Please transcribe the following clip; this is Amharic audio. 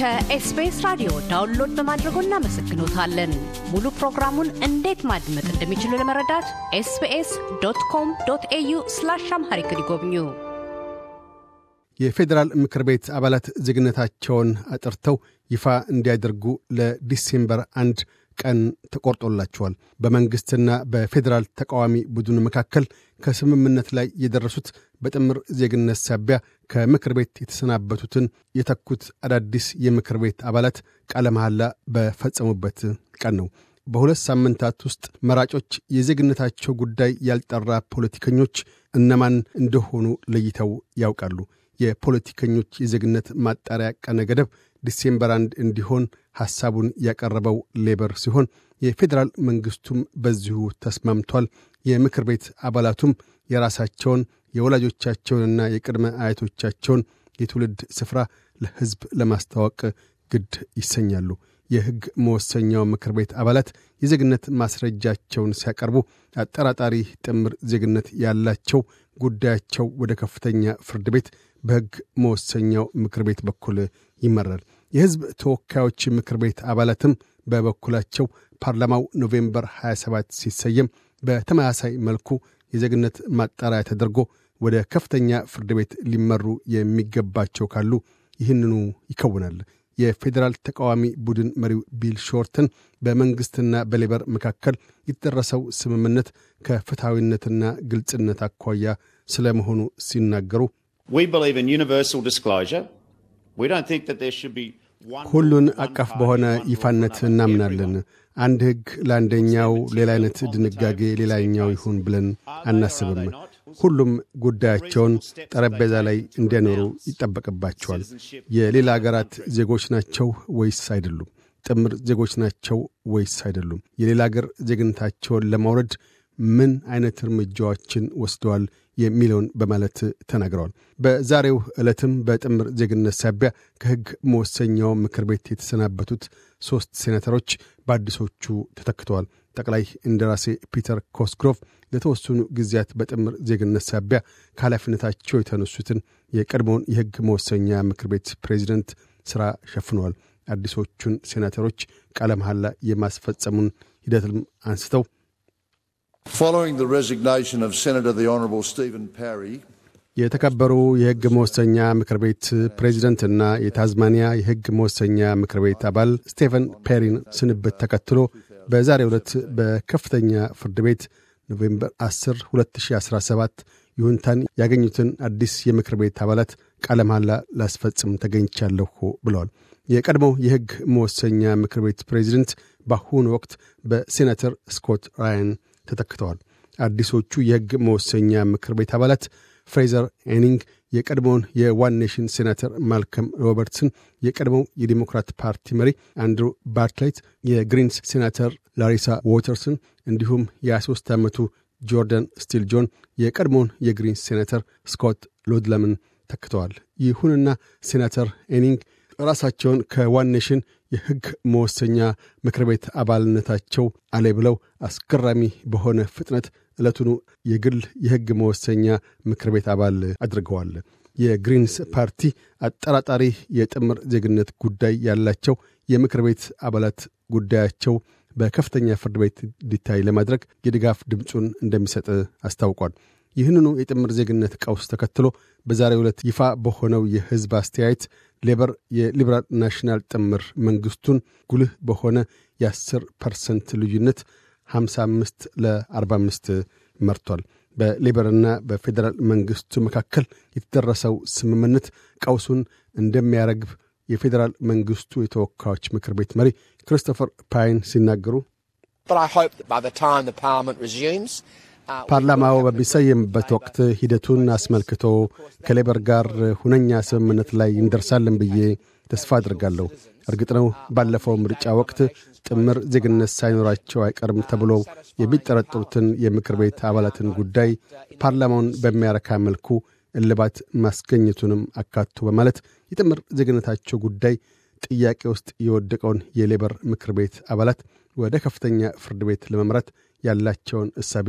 ከኤስቢኤስ ራዲዮ ዳውንሎድ በማድረጎ እናመሰግኖታለን። ሙሉ ፕሮግራሙን እንዴት ማድመጥ እንደሚችሉ ለመረዳት ኤስቢኤስ ዶት ኮም ዶት ኤዩ ስላሽ አምሃሪክ ይጎብኙ። የፌዴራል ምክር ቤት አባላት ዜግነታቸውን አጥርተው ይፋ እንዲያደርጉ ለዲሴምበር አንድ ቀን ተቆርጦላቸዋል። በመንግሥትና በፌዴራል ተቃዋሚ ቡድን መካከል ከስምምነት ላይ የደረሱት በጥምር ዜግነት ሳቢያ ከምክር ቤት የተሰናበቱትን የተኩት አዳዲስ የምክር ቤት አባላት ቃለ መሐላ በፈጸሙበት ቀን ነው። በሁለት ሳምንታት ውስጥ መራጮች የዜግነታቸው ጉዳይ ያልጠራ ፖለቲከኞች እነማን እንደሆኑ ለይተው ያውቃሉ። የፖለቲከኞች የዜግነት ማጣሪያ ቀነ ገደብ ዲሴምበር አንድ እንዲሆን ሐሳቡን ያቀረበው ሌበር ሲሆን የፌዴራል መንግስቱም በዚሁ ተስማምቷል። የምክር ቤት አባላቱም የራሳቸውን የወላጆቻቸውንና የቅድመ አያቶቻቸውን የትውልድ ስፍራ ለሕዝብ ለማስታወቅ ግድ ይሰኛሉ። የሕግ መወሰኛው ምክር ቤት አባላት የዜግነት ማስረጃቸውን ሲያቀርቡ አጠራጣሪ ጥምር ዜግነት ያላቸው ጉዳያቸው ወደ ከፍተኛ ፍርድ ቤት በሕግ መወሰኛው ምክር ቤት በኩል ይመራል። የሕዝብ ተወካዮች ምክር ቤት አባላትም በበኩላቸው ፓርላማው ኖቬምበር 27 ሲሰየም በተመሳሳይ መልኩ የዜግነት ማጣሪያ ተደርጎ ወደ ከፍተኛ ፍርድ ቤት ሊመሩ የሚገባቸው ካሉ ይህንኑ ይከውናል። የፌዴራል ተቃዋሚ ቡድን መሪው ቢል ሾርትን በመንግሥትና በሌበር መካከል የተደረሰው ስምምነት ከፍትሐዊነትና ግልጽነት አኳያ ስለ መሆኑ ሲናገሩ ሁሉን አቀፍ በሆነ ይፋነት እናምናለን። አንድ ሕግ ለአንደኛው ሌላ አይነት ድንጋጌ ሌላኛው ይሁን ብለን አናስብም። ሁሉም ጉዳያቸውን ጠረጴዛ ላይ እንዲያኖሩ ይጠበቅባቸዋል። የሌላ አገራት ዜጎች ናቸው ወይስ አይደሉም? ጥምር ዜጎች ናቸው ወይስ አይደሉም? የሌላ አገር ዜግነታቸውን ለማውረድ ምን አይነት እርምጃዎችን ወስደዋል የሚለውን በማለት ተናግረዋል። በዛሬው ዕለትም በጥምር ዜግነት ሳቢያ ከሕግ መወሰኛው ምክር ቤት የተሰናበቱት ሦስት ሴናተሮች በአዲሶቹ ተተክተዋል። ጠቅላይ እንደራሴ ፒተር ኮስግሮቭ ለተወሰኑ ጊዜያት በጥምር ዜግነት ሳቢያ ከኃላፊነታቸው የተነሱትን የቀድሞውን የሕግ መወሰኛ ምክር ቤት ፕሬዚደንት ሥራ ሸፍነዋል። አዲሶቹን ሴናተሮች ቃለ መሐላ የማስፈጸሙን ሂደትም አንስተው የተከበሩ የሕግ መወሰኛ ምክር ቤት ፕሬዚደንትና የታዝማኒያ የሕግ መወሰኛ ምክር ቤት አባል ስቴፈን ፔሪን ስንብት ተከትሎ በዛሬ ዕለት በከፍተኛ ፍርድ ቤት ኖቬምበር 10 2017 ይሁንታን ያገኙትን አዲስ የምክር ቤት አባላት ቃለ መሐላ ላስፈጽም ተገኝቻለሁ ብለዋል። የቀድሞው የሕግ መወሰኛ ምክር ቤት ፕሬዚደንት በአሁኑ ወቅት በሴናተር ስኮት ራያን ተተክተዋል። አዲሶቹ የሕግ መወሰኛ ምክር ቤት አባላት ፍሬዘር ኤኒንግ፣ የቀድሞውን የዋን ኔሽን ሴናተር ማልከም ሮበርትስን፣ የቀድሞው የዲሞክራት ፓርቲ መሪ አንድሩ ባርትሌት፣ የግሪንስ ሴናተር ላሪሳ ዎተርስን እንዲሁም የ23 ዓመቱ ጆርዳን ስቲል ጆን የቀድሞውን የግሪንስ ሴናተር ስኮት ሎድለምን ተክተዋል። ይሁንና ሴናተር ኤኒንግ ራሳቸውን ከዋን የሕግ መወሰኛ ምክር ቤት አባልነታቸው አለይ ብለው አስገራሚ በሆነ ፍጥነት ዕለቱኑ የግል የሕግ መወሰኛ ምክር ቤት አባል አድርገዋል። የግሪንስ ፓርቲ አጠራጣሪ የጥምር ዜግነት ጉዳይ ያላቸው የምክር ቤት አባላት ጉዳያቸው በከፍተኛ ፍርድ ቤት እንዲታይ ለማድረግ የድጋፍ ድምፁን እንደሚሰጥ አስታውቋል። ይህንኑ የጥምር ዜግነት ቀውስ ተከትሎ በዛሬ ዕለት ይፋ በሆነው የሕዝብ አስተያየት ሌበር የሊበራል ናሽናል ጥምር መንግሥቱን ጉልህ በሆነ የ10 ፐርሰንት ልዩነት 55 ለ45 መርቷል። በሌበርና በፌዴራል መንግሥቱ መካከል የተደረሰው ስምምነት ቀውሱን እንደሚያረግብ የፌዴራል መንግሥቱ የተወካዮች ምክር ቤት መሪ ክሪስቶፈር ፓይን ሲናገሩ ፓርላማው በሚሰየምበት ወቅት ሂደቱን አስመልክቶ ከሌበር ጋር ሁነኛ ስምምነት ላይ እንደርሳለን ብዬ ተስፋ አድርጋለሁ። እርግጥ ነው ባለፈው ምርጫ ወቅት ጥምር ዜግነት ሳይኖራቸው አይቀርም ተብሎ የሚጠረጠሩትን የምክር ቤት አባላትን ጉዳይ ፓርላማውን በሚያረካ መልኩ እልባት ማስገኘቱንም አካቶ በማለት የጥምር ዜግነታቸው ጉዳይ ጥያቄ ውስጥ የወደቀውን የሌበር ምክር ቤት አባላት ወደ ከፍተኛ ፍርድ ቤት ለመምራት ያላቸውን እሳቤ